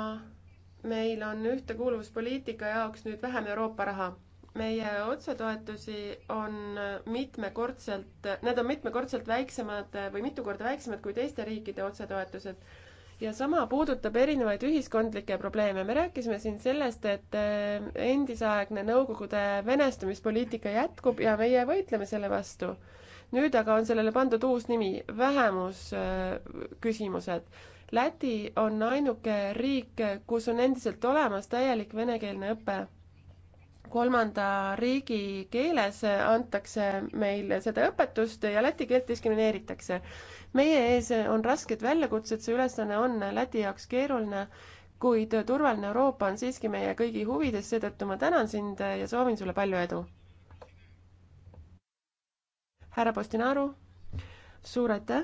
meil on ühtekuuluvuspoliitika jaoks nüüd vähem Euroopa raha. meie otsetoetusi on mitmekordselt, need on mitmekordselt väiksemad või mitu korda väiksemad kui teiste riikide otsetoetused ja sama puudutab erinevaid ühiskondlikke probleeme. me rääkisime siin sellest, et äh, endisaegne Nõukogude venestumispoliitika jätkub ja meie võitleme selle vastu. nüüd aga on sellele pandud uus nimi, vähemusküsimused. Äh, läti on ainuke riik, kus on endiselt olemas täielik venekeelne õpe kolmanda riigi keeles antakse meil seda õpetust ja läti keelt diskrimineeritakse meie ees on rasked väljakutsed, see ülesanne on Läti jaoks keeruline, kuid turvaline Euroopa on siiski meie kõigi huvides, seetõttu ma tänan sind ja soovin sulle palju edu. härra Postinaru, suur aitäh,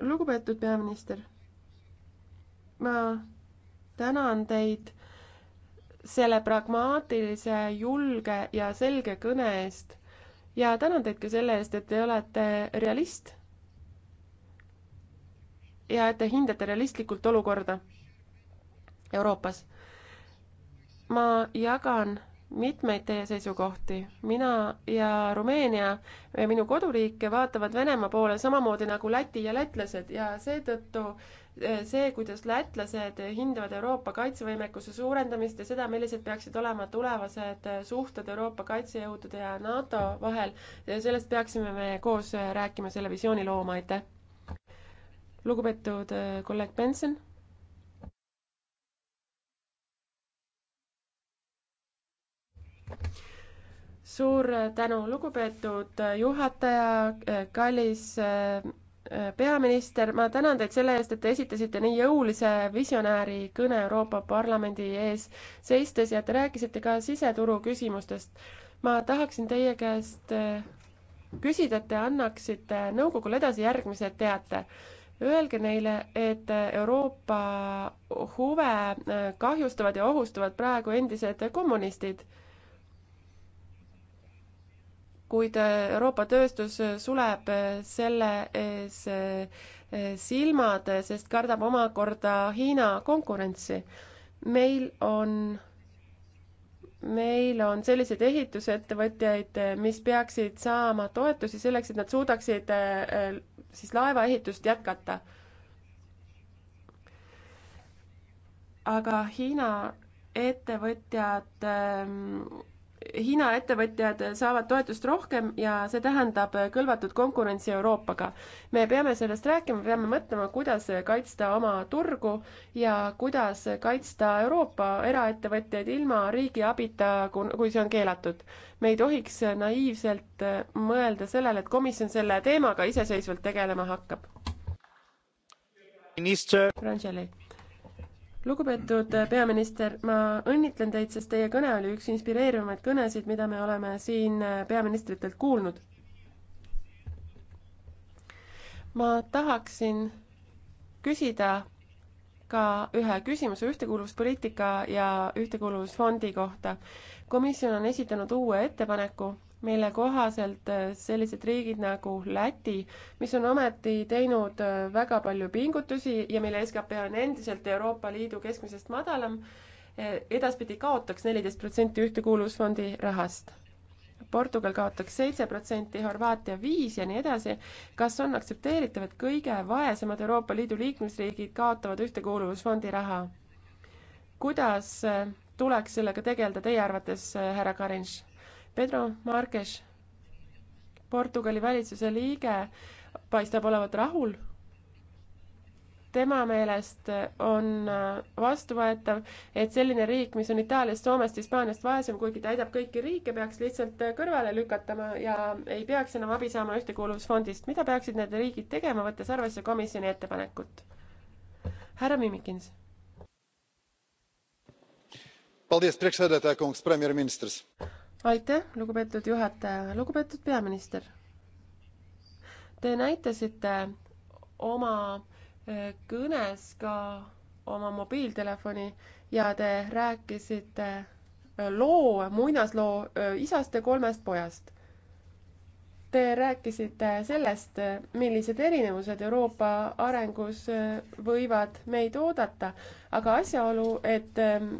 lugupeetud peaminister. ma tänan teid selle pragmaatilise, julge ja selge kõne eest ja tänan teid ka selle eest, et te olete realist ja et te hindate realistlikult olukorda Euroopas. ma jagan mitmeid teie seisukohti. mina ja Rumeenia, minu koduriik, vaatavad Venemaa poole samamoodi nagu Läti ja lätlased ja seetõttu eh, see, kuidas lätlased hindavad Euroopa kaitsevõimekuse suurendamist ja seda, millised peaksid olema tulevased suhted Euroopa kaitsejõudude ja NATO vahel, eh, sellest peaksime me koos eh, rääkima, selle visiooni looma, aitäh! lugupeetud äh, kolleeg Benson. suur äh, tänu, lugupeetud äh, juhataja, kallis peaminister, ma tänan teid selle eest, et te esitasite nii jõulise visionääri kõne Euroopa Parlamendi ees seistes ja te rääkisite ka siseturu küsimustest. ma tahaksin teie käest küsida, et te annaksite nõukogule edasi järgmise teate Öelge neile, et Euroopa huve äh, kahjustavad ja ohustavad praegu endised kommunistid. kuid äh, Euroopa tööstus suleb äh, selle ees silmad, sest kardab omakorda Hiina konkurentsi. meil on meil on selliseid ehitusettevõtjaid, mis peaksid saama toetusi selleks, et nad suudaksid äh, siis laevaehitust jätkata. aga Hiina ettevõtjad ähm, Hiina ettevõtjad saavad toetust rohkem ja see tähendab kõlvatut konkurentsi Euroopaga. me peame sellest rääkima, peame mõtlema, kuidas kaitsta oma turgu ja kuidas kaitsta Euroopa eraettevõtjaid ilma riigi abita, kui see on keelatud. me ei tohiks naiivselt mõelda sellele, et komisjon selle teemaga iseseisvalt tegelema hakkab. minister. Rangeli lugupeetud peaminister, ma õnnitlen teid, sest teie kõne oli üks inspireerivamaid kõnesid, mida me oleme siin peaministritelt kuulnud. ma tahaksin küsida ka ühe küsimuse ühtekuuluvuspoliitika ja ühtekuuluvusfondi kohta. komisjon on esitanud uue ettepaneku mille kohaselt äh, sellised riigid nagu Läti, mis on ometi teinud äh, väga palju pingutusi ja mille skp on endiselt Euroopa Liidu keskmisest madalam, äh, edaspidi kaotaks neliteist protsenti Ühtekuuluvusfondi rahast. Portugal kaotaks seitse protsenti, Horvaatia viis ja nii edasi. kas on aktsepteeritav, et kõige vaesemad Euroopa Liidu liikmesriigid kaotavad Ühtekuuluvusfondi raha? kuidas tuleks sellega tegeleda teie arvates, härra Karinš? Pedro Marques, Portugali valitsuse liige, paistab olevat rahul. tema meelest on äh, vastuvõetav, et selline riik, mis on Itaaliast, Soomest, Hispaaniast vaesem, kuigi täidab kõiki riike, peaks lihtsalt äh, kõrvale lükatama ja ei peaks enam abi saama Ühtekuuluvusfondist. mida peaksid need riigid tegema, võttes arvesse komisjoni ettepanekut? härra Mimikins. paldies, premjerminister aitäh, lugupeetud juhataja, lugupeetud peaminister. Te näitasite oma äh, kõnes ka oma mobiiltelefoni ja te rääkisite äh, loo, muinasloo äh, isast ja kolmest pojast Te rääkisite sellest, millised erinevused Euroopa arengus äh, võivad meid oodata, aga asjaolu, et ähm,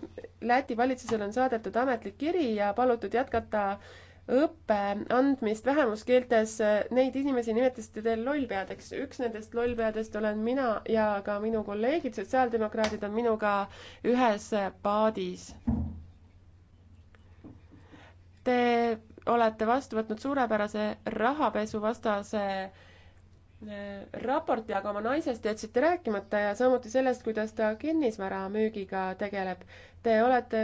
Läti valitsusele on saadetud ametlik kiri ja palutud jätkata õppe andmist vähemuskeeltes, äh, neid inimesi nimetasite te lollpeadeks. üks nendest lollpeadest olen mina ja ka minu kolleegid, sotsiaaldemokraadid on minuga ühes paadis. Te olete vastu võtnud suurepärase rahapesuvastase eh, raporti, aga oma naisest jätsite rääkimata ja samuti sellest, kuidas ta kinnisvaramüügiga tegeleb. Te olete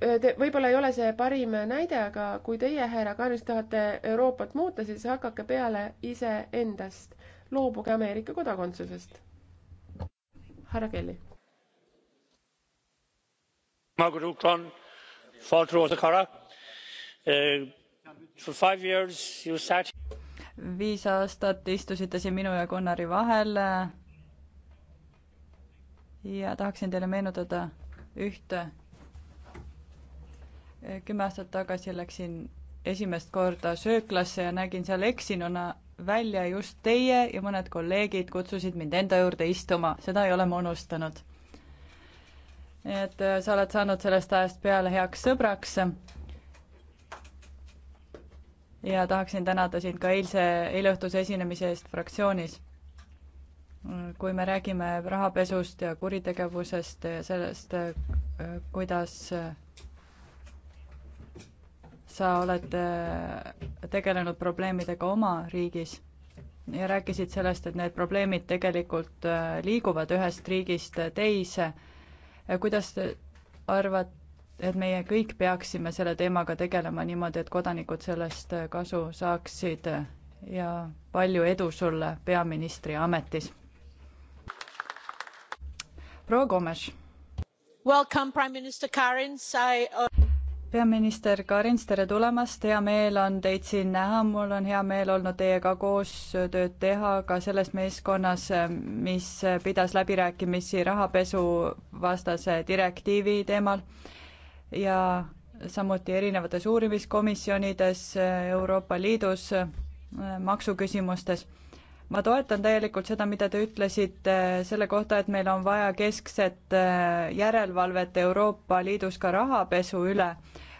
eh, Te, võib-olla ei ole see parim näide, aga kui teie, härra Karjus, tahate Euroopat muuta, siis hakake peale iseendast. loobuge Ameerika kodakondsusest. härra Kelly. Margaret Ukron Uh, viis aastat istusite siin minu ja Gunnari vahel. ja tahaksin teile meenutada ühte. kümme aastat tagasi läksin esimest korda sööklasse ja nägin seal eksinuna välja just teie ja mõned kolleegid kutsusid mind enda juurde istuma, seda ei ole ma unustanud nii et äh, sa oled saanud sellest ajast peale heaks sõbraks. ja tahaksin tänada sind ka eilse, eileõhtuse esinemise eest fraktsioonis. kui me räägime rahapesust ja kuritegevusest ja sellest, äh, kuidas äh, sa oled tegelenud probleemidega oma riigis ja rääkisid sellest, et need probleemid tegelikult liiguvad ühest riigist teise kuidas te arvate, et meie kõik peaksime selle teemaga tegelema niimoodi, et kodanikud sellest äh, kasu saaksid ja palju edu sulle peaministri ametis. proua Gomes. Welcome, Prime Minister Karins, I uh, peaminister Karins, tere tulemast, hea meel on teid siin näha, mul on hea meel olnud teiega koostööd teha ka selles meeskonnas, mis pidas läbirääkimisi rahapesuvastase direktiivi teemal ja samuti erinevates uurimiskomisjonides Euroopa Liidus maksuküsimustes ma toetan täielikult seda, mida te ütlesite selle kohta, et meil on vaja keskset äh, järelevalvet Euroopa Liidus ka rahapesu üle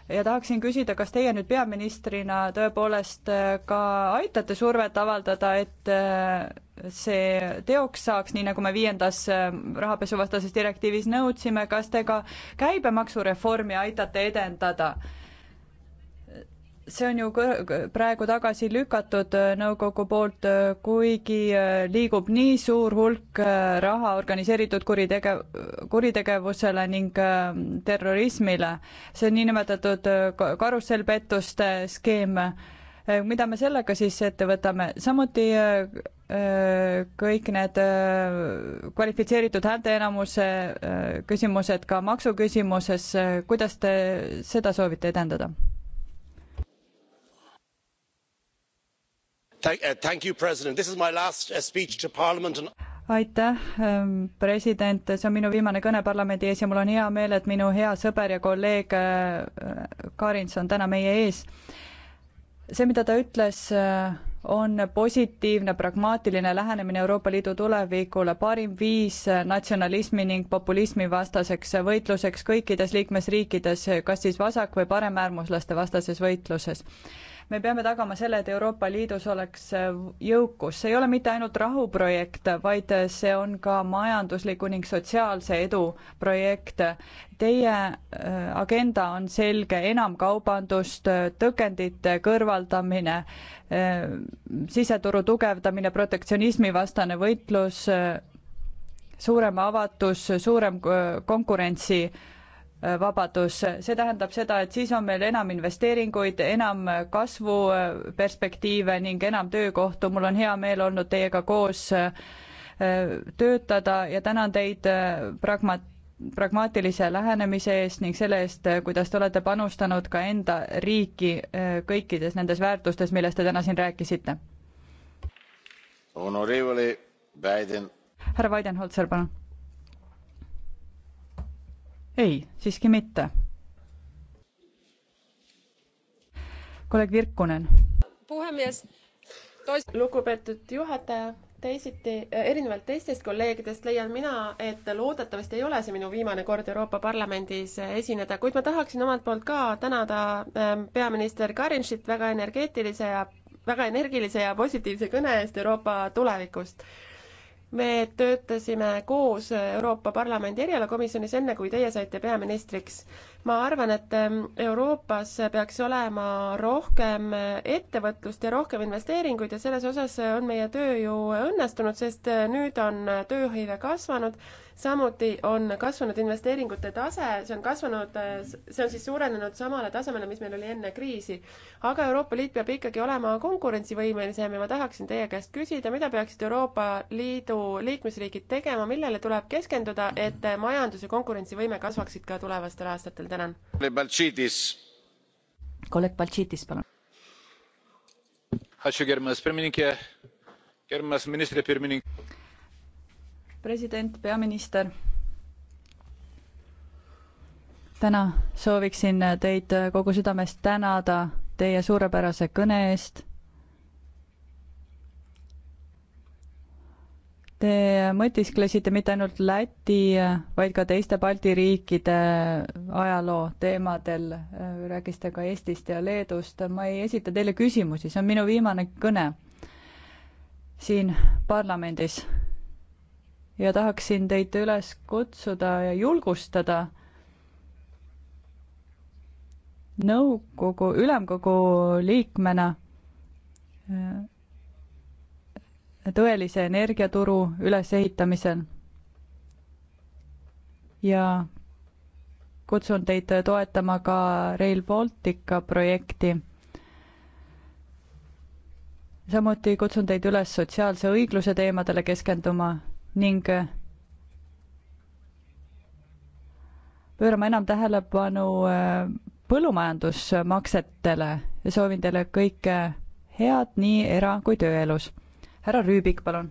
ja tahaksin küsida, kas teie nüüd peaministrina tõepoolest äh, ka aitate survet avaldada, et äh, see teoks saaks, nii nagu me viiendas rahapesuvastases direktiivis nõudsime, kas te ka käibemaksureformi aitate edendada? see on ju praegu tagasi lükatud äh, nõukogu poolt, äh, kuigi äh, liigub nii suur hulk raha organiseeritud kuritegev, kuritegevusele ning terrorismile. see niinimetatud karussellpettuste skeem, mida me sellega siis ette võtame, samuti kõik need kvalifitseeritud häälteenamuse küsimused ka maksuküsimuses, kuidas te seda soovite edendada? Uh, uh, aitäh, ähm, president, see on minu viimane kõne parlamendi ees ja mul on hea meel, et minu hea sõber ja kolleeg äh, Karins on täna meie ees. see, mida ta ütles, äh, on positiivne pragmaatiline lähenemine Euroopa Liidu tulevikule, parim viis äh, natsionalismi ning populismi vastaseks võitluseks kõikides liikmesriikides, kas siis vasak- või paremäärmuslaste vastases võitluses me peame tagama selle, et Euroopa Liidus oleks äh, jõukus, see ei ole mitte ainult rahuprojekt, vaid äh, see on ka majandusliku ning sotsiaalse edu projekt. Teie äh, agenda on selge, enam kaubandust, tõkendite kõrvaldamine, siseturu tugevdamine, protektsionismi vastane võitlus, suurem avatus, suurem konkurentsi vabadus, see tähendab seda, et siis on meil enam investeeringuid, enam kasvuperspektiive ning enam töökohtu, mul on hea meel olnud teiega koos äh, töötada ja tänan teid äh, pragma-, pragmaatilise lähenemise eest ning selle eest, äh, kuidas te olete panustanud ka enda riiki kõikides nendes väärtustes, millest te täna siin rääkisite. härra Weidenholzer, palun ei, siiski mitte. kolleeg Virkunen. puhemees tois-. lugupeetud juhataja, teisiti, äh, erinevalt teistest kolleegidest leian mina, et loodetavasti ei ole see minu viimane kord Euroopa Parlamendis äh, esineda, kuid ma tahaksin omalt poolt ka tänada ähm, peaminister Karinšit väga energeetilise ja väga energilise ja positiivse kõne eest Euroopa tulevikust me töötasime koos Euroopa Parlamendi erialakomisjonis, enne kui teie saite peaministriks ma arvan, et ähm, Euroopas peaks olema rohkem äh, ettevõtlust ja rohkem investeeringuid ja selles osas äh, on meie töö ju õnnestunud, sest äh, nüüd on tööhõive kasvanud, samuti on kasvanud investeeringute tase, see on kasvanud, see on siis suurenenud samale tasemele, mis meil oli enne kriisi. aga Euroopa Liit peab ikkagi olema konkurentsivõimelisem ja ma tahaksin teie käest küsida, mida peaksid Euroopa Liidu liikmesriigid tegema, millele tuleb keskenduda, et majandus ja konkurentsivõime kasvaksid ka tulevastel aastatel? tänan. kolleeg Baltšiitis, palun. president, peaminister täna sooviksin teid kogu südamest tänada teie suurepärase kõne eest Te mõtisklesite mitte ainult Läti, vaid ka teiste Balti riikide ajaloo teemadel, rääkisite ka Eestist ja Leedust. ma ei esita teile küsimusi, see on minu viimane kõne siin parlamendis. ja tahaksin teid üles kutsuda ja julgustada nõukogu, ülemkogu liikmena tõelise energiaturu ülesehitamisel. ja kutsun teid toetama ka Rail Baltica projekti. samuti kutsun teid üles sotsiaalse õigluse teemadele keskenduma ning pöörama enam tähelepanu äh, põllumajandusmaksetele ja soovin teile kõike head nii era- kui tööelus härra Rüübik, palun.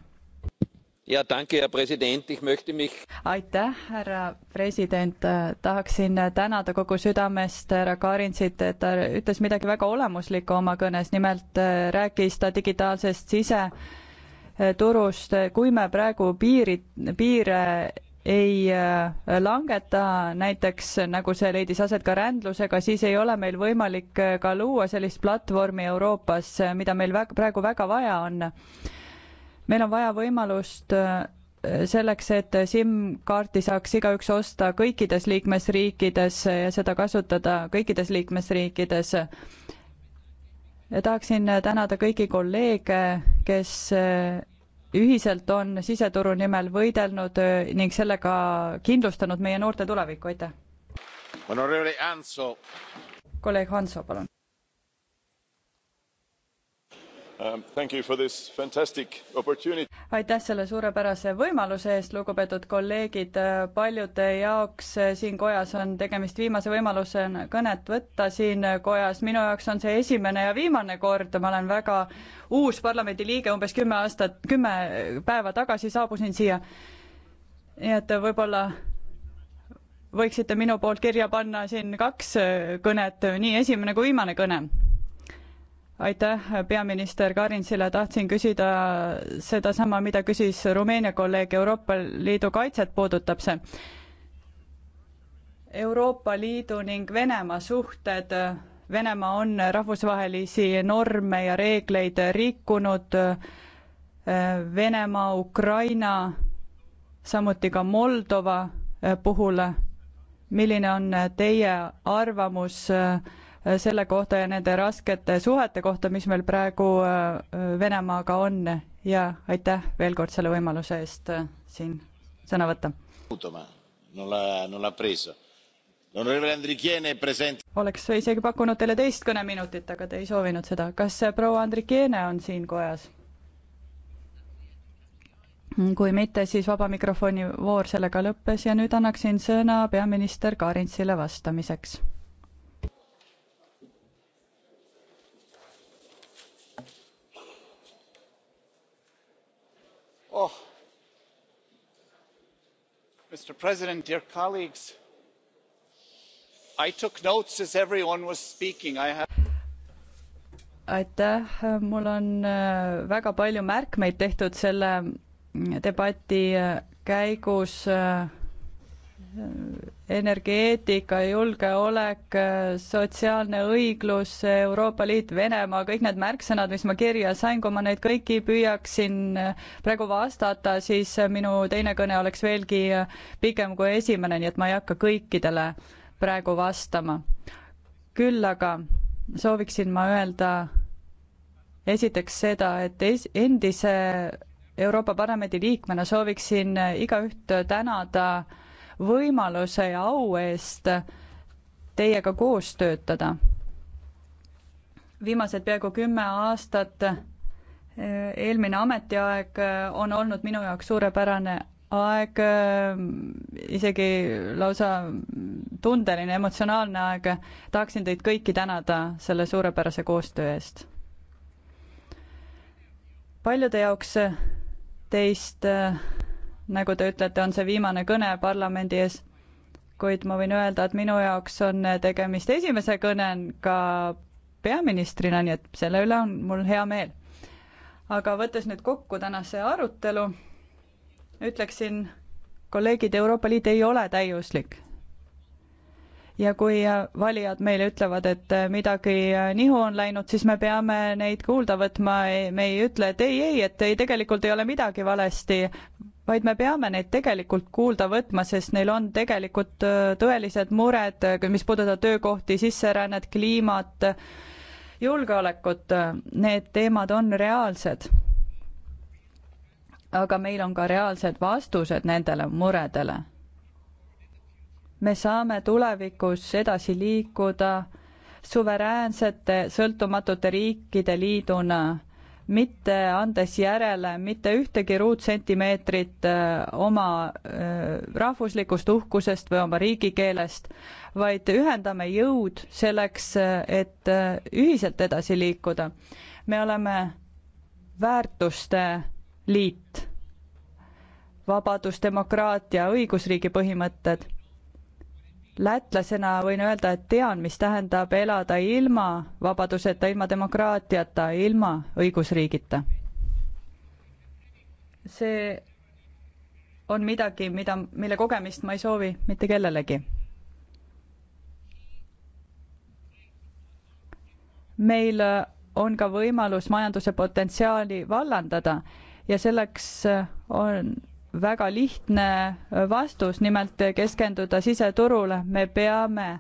aitäh, härra president, tahaksin tänada kogu südamest härra Karinsit, et ta ütles midagi väga olemuslikku oma kõnes, nimelt äh, rääkis ta digitaalsest siseturust, kui me praegu piiri, piire ei äh, langeta, näiteks nagu see leidis aset ka rändlusega, siis ei ole meil võimalik äh, ka luua sellist platvormi Euroopas, mida meil väga, praegu väga vaja on meil on vaja võimalust äh, selleks, et SIM-kaarti saaks igaüks osta kõikides liikmesriikides ja seda kasutada kõikides liikmesriikides. ja tahaksin tänada kõiki kolleege, kes äh, ühiselt on siseturu nimel võidelnud äh, ning sellega kindlustanud meie noorte tulevikku, aitäh! kolleeg Hanso, palun! Um, aitäh selle suurepärase võimaluse eest, lugupeetud kolleegid, paljude jaoks siin kojas on tegemist viimase võimalusena kõnet võtta siin kojas, minu jaoks on see esimene ja viimane kord, ma olen väga uus parlamendiliige, umbes kümme aastat, kümme päeva tagasi saabusin siia. nii et võib-olla võiksite minu poolt kirja panna siin kaks kõnet, nii esimene kui viimane kõne aitäh peaminister Karinsile, tahtsin küsida sedasama, mida küsis Rumeenia kolleeg, Euroopa Liidu kaitset puudutab see. Euroopa Liidu ning Venemaa suhted, Venemaa on rahvusvahelisi norme ja reegleid rikkunud, Venemaa, Ukraina, samuti ka Moldova puhul, milline on teie arvamus äh, Äh, selle kohta ja nende raskete suhete kohta, mis meil praegu äh, Venemaaga on ja aitäh veel kord selle võimaluse eest äh, siin sõna võtta. oleks isegi pakkunud teile teist kõneminutit, aga te ei soovinud seda. kas proua Andrikiene on siin kojas? kui mitte, siis vaba mikrofoni voor sellega lõppes ja nüüd annaksin sõna peaminister Karinsile vastamiseks Oh. mr president dear colleagues i took notes as everyone was speaking. I have... aitäh mul on äh, väga palju märkmeid tehtud selle mm, debati äh, käigus äh, energeetika, julgeolek, sotsiaalne õiglus, Euroopa Liit, Venemaa, kõik need märksõnad, mis ma kirja sain, kui ma neid kõiki püüaksin praegu vastata, siis minu teine kõne oleks veelgi pikem kui esimene, nii et ma ei hakka kõikidele praegu vastama. küll aga sooviksin ma öelda esiteks seda, et es-, endise Euroopa Parlamendi liikmena sooviksin igaüht tänada võimaluse ja au eest teiega koos töötada. viimased peaaegu kümme aastat eh, eelmine ametiaeg eh, on olnud minu jaoks suurepärane aeg, eh, isegi lausa tundeline, emotsionaalne aeg. tahaksin teid kõiki tänada selle suurepärase koostöö eest. paljude jaoks teist nagu te ütlete, on see viimane kõne parlamendi ees, kuid ma võin öelda, et minu jaoks on tegemist esimese kõnega peaministrina, nii et selle üle on mul hea meel. aga võttes nüüd kokku tänase arutelu, ütleksin, kolleegid, Euroopa Liit ei ole täiuslik. ja kui valijad meile ütlevad, et midagi nihu on läinud, siis me peame neid kuulda võtma, me ei ütle, et ei, ei, et ei, tegelikult ei ole midagi valesti vaid me peame neid tegelikult kuulda võtma, sest neil on tegelikult äh, tõelised mured, äh, mis puudutab töökohti, sisserännet, kliimat, julgeolekut, need teemad on reaalsed. aga meil on ka reaalsed vastused nendele muredele. me saame tulevikus edasi liikuda suveräänsete sõltumatute riikide liiduna mitte andes järele mitte ühtegi ruutsentimeetrit äh, oma äh, rahvuslikust uhkusest või oma riigikeelest, vaid ühendame jõud selleks, äh, et ühiselt edasi liikuda. me oleme väärtuste liit, vabadus, demokraatia, õigusriigi põhimõtted lätlasena võin öelda, et tean, mis tähendab elada ilma vabaduseta, ilma demokraatiata, ilma õigusriigita. see on midagi, mida, mille kogemist ma ei soovi mitte kellelegi. meil on ka võimalus majanduse potentsiaali vallandada ja selleks on väga lihtne vastus, nimelt keskenduda siseturule, me peame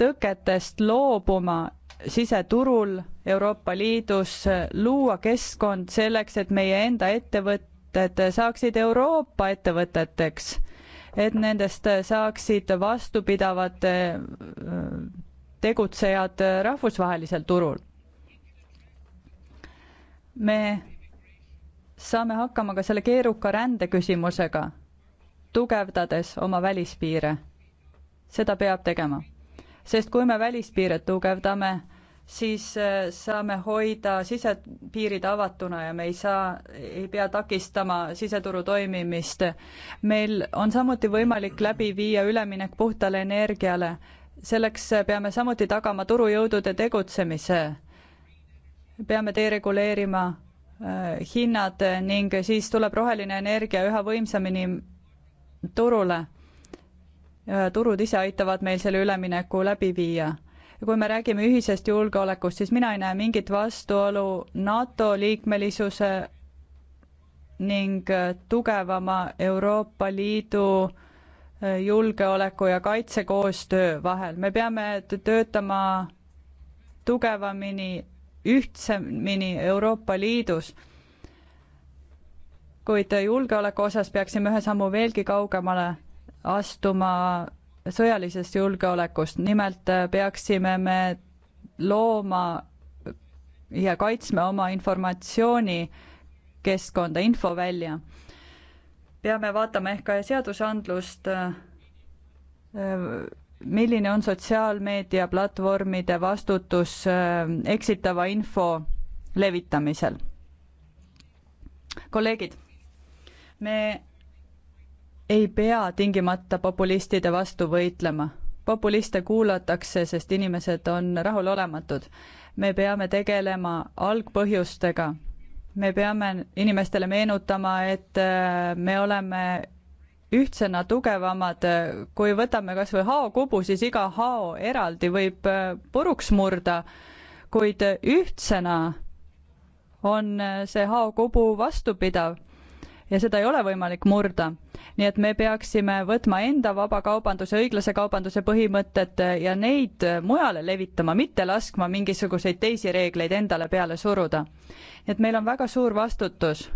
tõketest loobuma siseturul Euroopa Liidus, luua keskkond selleks, et meie enda ettevõtted saaksid Euroopa ettevõteteks, et nendest saaksid vastupidavad äh, tegutsejad rahvusvahelisel turul. me saame hakkama ka selle keeruka rändeküsimusega, tugevdades oma välispiire. seda peab tegema, sest kui me välispiire tugevdame, siis äh, saame hoida sisepiirid avatuna ja me ei saa, ei pea takistama siseturu toimimist. meil on samuti võimalik läbi viia üleminek puhtale energiale. selleks äh, peame samuti tagama turujõudude tegutsemise. peame dereguleerima Äh, hinnad ning siis tuleb roheline energia üha võimsamini turule. Äh, turud ise aitavad meil selle ülemineku läbi viia. ja kui me räägime ühisest julgeolekust, siis mina ei näe mingit vastuolu NATO liikmelisuse ning äh, tugevama Euroopa Liidu julgeoleku ja kaitsekoostöö vahel. me peame töötama tugevamini ühtsemini Euroopa Liidus. kuid julgeoleku osas peaksime ühe sammu veelgi kaugemale astuma sõjalisest julgeolekust, nimelt peaksime me looma ja kaitsma oma informatsioonikeskkonda, infovälja. peame vaatama ehk ka seadusandlust milline on sotsiaalmeedia platvormide vastutus äh, eksitava info levitamisel? kolleegid, me ei pea tingimata populistide vastu võitlema. populiste kuulatakse, sest inimesed on rahulolematud. me peame tegelema algpõhjustega. me peame inimestele meenutama, et äh, me oleme ühtsena tugevamad, kui võtame kas või haokubu, siis iga hao eraldi võib äh, puruks murda, kuid ühtsena on äh, see haokubu vastupidav ja seda ei ole võimalik murda. nii et me peaksime võtma enda vabakaubanduse, õiglase kaubanduse põhimõtted äh, ja neid mujale levitama, mitte laskma mingisuguseid teisi reegleid endale peale suruda. et meil on väga suur vastutus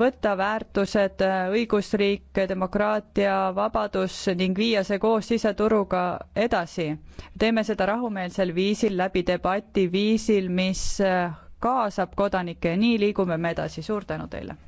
võtta väärtused, õigusriik, demokraatia, vabadus ning viia see koos siseturuga edasi. teeme seda rahumeelsel viisil, läbi debati viisil, mis kaasab kodanikke ja nii liigume me edasi, suur tänu teile!